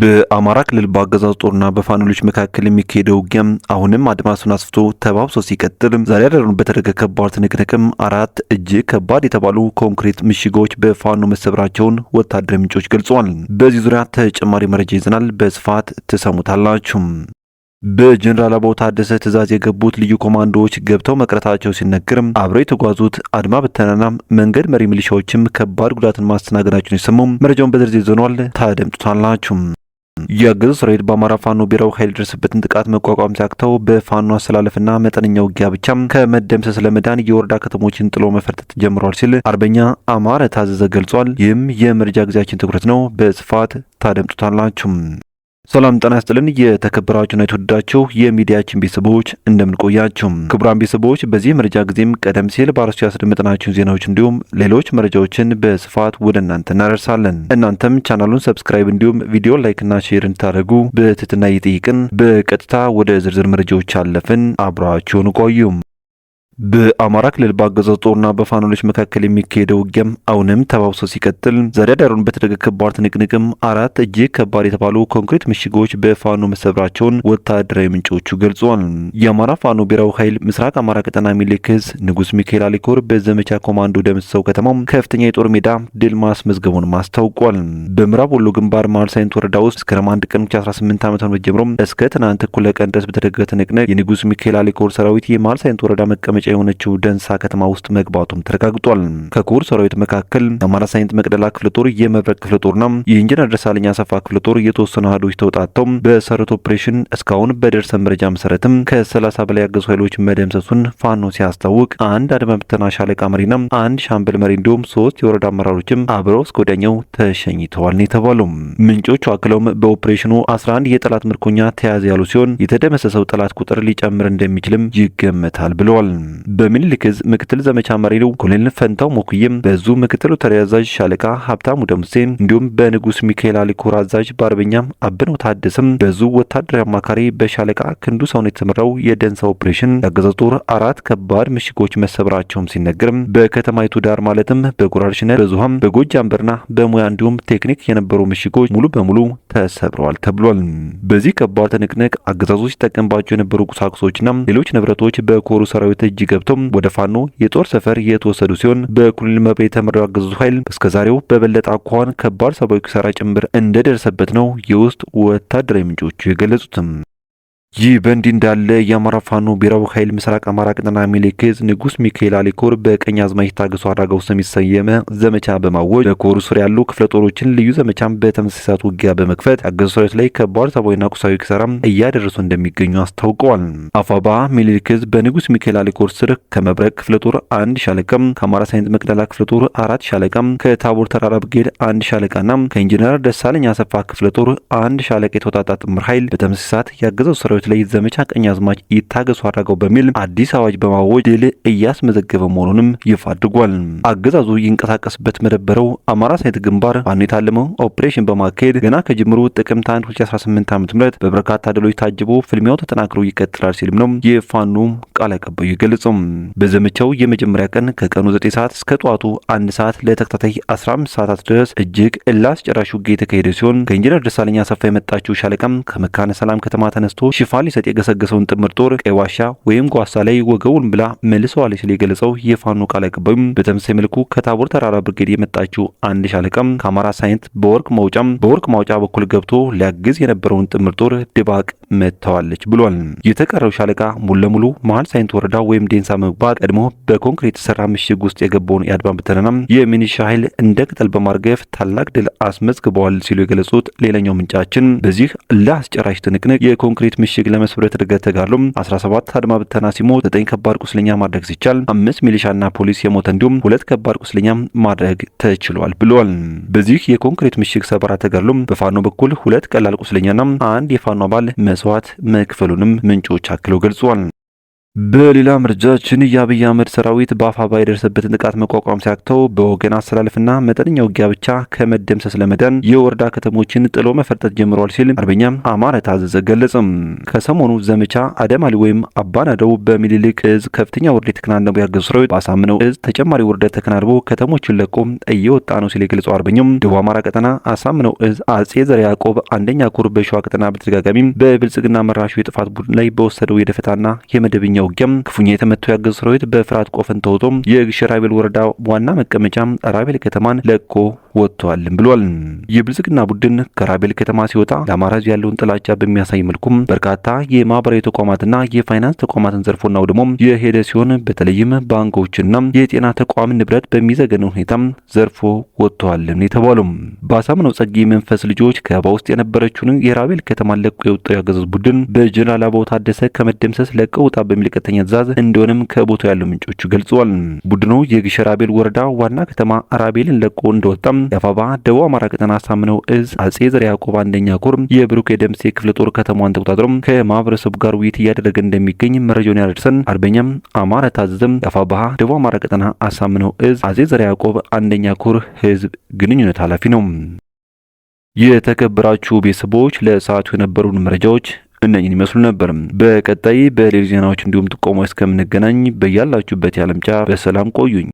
በአማራ ክልል በአገዛዙ ጦርና በፋኖሎች መካከል የሚካሄደው ውጊያ አሁንም አድማሱን አስፍቶ ተባብሶ ሲቀጥል ዛሬ ያደረኑ በተደረገ ከባድ ትንቅንቅም አራት እጅግ ከባድ የተባሉ ኮንክሪት ምሽጎች በፋኖ መሰብራቸውን ወታደራዊ ምንጮች ገልጸዋል። በዚህ ዙሪያ ተጨማሪ መረጃ ይዘናል፣ በስፋት ትሰሙታላችሁ። በጀኔራል አበባው ታደሰ ትዕዛዝ የገቡት ልዩ ኮማንዶዎች ገብተው መቅረታቸው ሲነገርም አብረው የተጓዙት አድማ ብተናና መንገድ መሪ ሚሊሻዎችም ከባድ ጉዳትን ማስተናገዳቸውን የሰሙም መረጃውን በዝርዝር ይዘኗል፣ ታደምጡታላችሁ። የአገዛዙ ሰራዊት በአማራ ፋኖ ብሔራዊ ኃይል የደረሰበትን ጥቃት መቋቋም ሲያክተው በፋኖ አሰላለፍና መጠነኛ ውጊያ ብቻም ከመደምሰስ ለመዳን የወረዳ ከተሞችን ጥሎ መፈርጠት ጀምሯል ሲል አርበኛ አማረ ታዘዘ ገልጿል። ይህም የመረጃ ጊዜያችን ትኩረት ነው። በስፋት ታደምጡታላችሁ። ሰላም ጤና ይስጥልን። የተከበራችሁና የተወደዳችሁ የሚዲያችን ቤተሰቦች እንደምንቆያችሁ። ክቡራን ቤተሰቦች በዚህ መረጃ ጊዜም ቀደም ሲል በአርሶ ያስደመጥናችሁን ዜናዎች እንዲሁም ሌሎች መረጃዎችን በስፋት ወደ እናንተ እናደርሳለን። እናንተም ቻናሉን ሰብስክራይብ እንዲሁም ቪዲዮ ላይክና ሼር እንድታደርጉ በትህትና እየጠየቅን በቀጥታ ወደ ዝርዝር መረጃዎች አለፍን። አብራችሁን ቆዩም። በአማራ ክልል በአገዛዙ ጦርና በፋኖሎች መካከል የሚካሄደው ውጊያም አሁንም ተባብሶ ሲቀጥል ዛሬ አዳሩን በተደረገ ከባድ ትንቅንቅም አራት እጅግ ከባድ የተባሉ ኮንክሪት ምሽጎች በፋኖ መሰብራቸውን ወታደራዊ ምንጮቹ ገልጿል። የአማራ ፋኖ ብሔራዊ ኃይል ምስራቅ አማራ ቀጠና ሚሊክዝ ንጉስ ሚካኤል አሊኮር በዘመቻ ኮማንዶ ደምሰው ከተማ ከፍተኛ የጦር ሜዳ ድል ማስመዝገቡን አስታውቋል። በምዕራብ ወሎ ግንባር መሃል ሳይንት ወረዳ ውስጥ መስከረም 1 ቀን 18 ዓ ም ጀምሮ እስከ ትናንት እኩለ ቀን ድረስ በተደረገ ትንቅንቅ የንጉስ ሚካኤል አሊኮር ሰራዊት የመሃል ሳይንት ወረዳ መቀመጫ የሆነችው ደንሳ ከተማ ውስጥ መግባቱም ተረጋግጧል። ከኩር ሰራዊት መካከል የአማራ ሳይንት መቅደላ ክፍለ ጦር፣ የመብረቅ ክፍለ ጦርና የኢንጂነር ደሳለኝ አሰፋ ክፍለ ጦር የተወሰኑ አህዶች ተውጣተው በሰሩት ኦፕሬሽን እስካሁን በደርሰ መረጃ መሰረትም ከ30 በላይ ያገዙ ኃይሎች መደምሰሱን ፋኖ ሲያስታውቅ አንድ አድማ ብተና ሻለቃ መሪና አንድ ሻምበል መሪ እንዲሁም ሶስት የወረዳ አመራሮችም አብረው እስከ ወዲያኛው ተሸኝተዋል ነው የተባለው። ምንጮቹ አክለውም በኦፕሬሽኑ 11 የጠላት ምርኮኛ ተያዘ ያሉ ሲሆን የተደመሰሰው ጠላት ቁጥር ሊጨምር እንደሚችልም ይገመታል ብለዋል። በሚኒልክ ዕዝ ምክትል ዘመቻ መሪ ኮሎኔል ፈንታው ሞክይም፣ በዙ ምክትሉ ተያዛዥ ሻለቃ ሀብታሙ ደምሴ እንዲሁም በንጉስ ሚካኤል አሊኮር አዛዥ በአርበኛ አብነው ታደስም በዙ ወታደራዊ አማካሪ በሻለቃ ክንዱ ሰውን የተመራው የደንሳ ኦፕሬሽን የአገዛዙ ጦር አራት ከባድ ምሽጎች መሰብራቸውም ሲነገርም በከተማይቱ ዳር ማለትም በጉራርሽነ በዙሃም በጎጃም በርና በሙያ እንዲሁም ቴክኒክ የነበሩ ምሽጎች ሙሉ በሙሉ ተሰብረዋል ተብሏል። በዚህ ከባድ ትንቅንቅ አገዛዙ ሲጠቀምባቸው የነበሩ ቁሳቁሶችና ሌሎች ንብረቶች በኮሩ ሰራዊት እጅግ ገብቶም ወደ ፋኖ የጦር ሰፈር እየተወሰዱ ሲሆን በኮሎኔል መብሬ የተመራው አገዛዙ ኃይል እስከዛሬው በበለጠ አኳኋን ከባድ ሰብአዊ ኪሳራ ጭምር እንደደረሰበት ነው የውስጥ ወታደራዊ ምንጮቹ የገለጹትም። ይህ በእንዲህ እንዳለ የአማራ ፋኖ ብሔራዊ ኃይል ምስራቅ አማራ ቅጠና ሚሊክዝ ንጉስ ሚካኤል አሊኮር በቀኝ አዝማች ታገሱ አድራጋው ስም የተሰየመ ዘመቻ በማወጅ በኮሩ ስር ያሉ ክፍለ ጦሮችን ልዩ ዘመቻን በተመሳሳት ውጊያ በመክፈት ያገዙ ሰራዊት ላይ ከባድ ሰብዓዊና ቁሳዊ ኪሳራም እያደረሱ እንደሚገኙ አስታውቀዋል። አፋባ ሚሊክዝ በንጉስ ሚካኤል አሊኮር ስር ከመብረቅ ክፍለ ጦር አንድ ሻለቃም፣ ከአማራ ሳይንት መቅደላ ክፍለ ጦር አራት ሻለቃም፣ ከታቦር ተራራ ብርጌድ አንድ ሻለቃና ከኢንጂነር ደሳለኝ አሰፋ ክፍለ ጦር አንድ ሻለቃ የተወጣጣ ጥምር ኃይል በተመሳሳት ያገዘው ሰራዊት ጉዳዮች ላይ ዘመቻ ቀኛዝማች ይታገሱ አድርገው በሚል አዲስ አዋጅ በማወጅ ድል እያስመዘገበ መሆኑንም ይፋ አድርጓል። አገዛዙ ይንቀሳቀስበት መደበረው አማራ ሳይት ግንባር ፋኖ የታለመው ኦፕሬሽን በማካሄድ ገና ከጅምሩ ጥቅምት 1 2018 ዓ.ም በበርካታ ድሎች ታጅቦ ፍልሚያው ተጠናክሮ ይቀጥላል ሲልም ነው የፋኖ ቃል አቀባዩ የገለጸው። በዘመቻው የመጀመሪያ ቀን ከቀኑ 9 ሰዓት እስከ ጠዋቱ አንድ ሰዓት ለተከታታይ 15 ሰዓታት ድረስ እጅግ እላስ አስጨራሽ ውጊያ የተካሄደ ሲሆን ከኢንጂነር ደሳለኛ አሰፋ የመጣችው ሻለቃም ከመካነ ሰላም ከተማ ተነስቶ በፋሊሰጥ የገሰገሰውን ጥምር ጦር ቀይ ዋሻ ወይም ጓሳ ላይ ወገቡን ብላ መልሰዋለች ሲል የገለጸው የፋኖ ቃል አቀባይም በተመሳሳይ መልኩ ከታቦር ተራራ ብርጌድ የመጣችው አንድ ሻለቃም ከአማራ ሳይንት በወርቅ መውጫም በወርቅ ማውጫ በኩል ገብቶ ሊያግዝ የነበረውን ጥምር ጦር ድባቅ መጥተዋለች ብሏል። የተቀረው ሻለቃ ሙሉ ለሙሉ መሀል ሳይንት ወረዳ ወይም ዴንሳ መግባ ቀድሞ በኮንክሪት የተሰራ ምሽግ ውስጥ የገባውን የአድማ ብተናናም የሚኒሻ ኃይል እንደ ቅጠል በማርገፍ ታላቅ ድል አስመዝግበዋል ሲሉ የገለጹት ሌላኛው ምንጫችን በዚህ ለአስጨራሽ ትንቅንቅ የኮንክሪት ምሽግ የግለ ለመስብረት እድገት ተጋድሎም 17 አድማ ብተና ሲሞት 9 ከባድ ቁስለኛ ማድረግ ሲቻል አምስት ሚሊሻና ፖሊስ የሞተ እንዲሁም ሁለት ከባድ ቁስለኛ ማድረግ ተችሏል ብሏል። በዚህ የኮንክሪት ምሽግ ሰበራ ተጋድሎም በፋኖ በኩል ሁለት ቀላል ቁስለኛና አንድ የፋኖ አባል መስዋዕት መክፈሉንም ምንጮች አክለው ገልጿል። በሌላ መረጃችን የአብይ አህመድ ሰራዊት በአፋባ የደረሰበትን ጥቃት መቋቋም ሲያቅተው በወገን አሰላለፍና መጠነኛ ውጊያ ብቻ ከመደምሰስ ለመዳን የወረዳ ከተሞችን ጥሎ መፈርጠት ጀምሯል ሲል አርበኛ አማረ ታዘዘ ገለጸም። ከሰሞኑ ዘመቻ አደማሊ ወይም አባናደው በሚኒልክ እዝ ከፍተኛ ውርደት የተከናነቡ ያገዙ ሰራዊት በአሳምነው እዝ ተጨማሪ ውርደት ተከናንቦ ከተሞችን ለቆ እየወጣ ነው ሲል የገለጸው አርበኛው ደቡብ አማራ ቀጠና አሳምነው እዝ አጼ ዘር ያዕቆብ አንደኛ ኮር በሸዋ ቀጠና በተደጋጋሚ በብልጽግና መራሹ የጥፋት ቡድን ላይ በወሰደው የደፈታና የመደብኛ በከፍተኛ ውጊያም ክፉኛ የተመታው ያገዙ ሰራዊት በፍርሃት ቆፈን ተውጦ የግሽ ራቤል ወረዳ ዋና መቀመጫ ራቤል ከተማን ለቆ ወጥተዋልም ብሏል። የብልጽግና ቡድን ከራቤል ከተማ ሲወጣ ለአማራ ሕዝብ ያለውን ጥላቻ በሚያሳይ መልኩም በርካታ የማህበራዊ ተቋማትና የፋይናንስ ተቋማትን ዘርፎና ደግሞ የሄደ ሲሆን በተለይም ባንኮችና የጤና ተቋም ንብረት በሚዘገነው ሁኔታ ዘርፎ ወጥተዋልም የተባሉም በአሳምነው ጸጌ መንፈስ ልጆች ከባ ውስጥ የነበረችውን የራቤል ከተማን ለቆ የወጣው ያገዘዝ ቡድን በጀነራል አበባው ታደሰ ከመደምሰስ ለቀው ውጣ በሚል ኃይል ቀጥተኛ ትእዛዝ እንደሆነም ከቦታው ያሉ ምንጮቹ ገልጸዋል። ቡድኑ የግሸ ራቤል ወረዳ ዋና ከተማ ራቤልን ለቆ እንደወጣም የአፋባ ደቡብ አማራ ቀጠና አሳምነው እዝ አጼ ዘር ያዕቆብ አንደኛ ኮር የብሩክ የደምሴ ክፍለ ጦር ከተማዋን ተቆጣጥሮም ከማህበረሰቡ ጋር ውይይት እያደረገ እንደሚገኝ መረጃውን ያደርሰን አርበኛም አማረ ታዘዘም የአፋባ ደቡብ አማራ ቀጠና አሳምነው እዝ አጼ ዘር ያዕቆብ አንደኛ ኮር ህዝብ ግንኙነት ኃላፊ ነው። የተከበራችሁ ቤተሰቦች ለሰዓቱ የነበሩን መረጃዎች እነኝን ይመስሉ ነበርም። በቀጣይ በሌሎች ዜናዎች እንዲሁም ጥቆማዎች እስከምንገናኝ በያላችሁበት የዓለም ጫፍ በሰላም ቆዩኝ።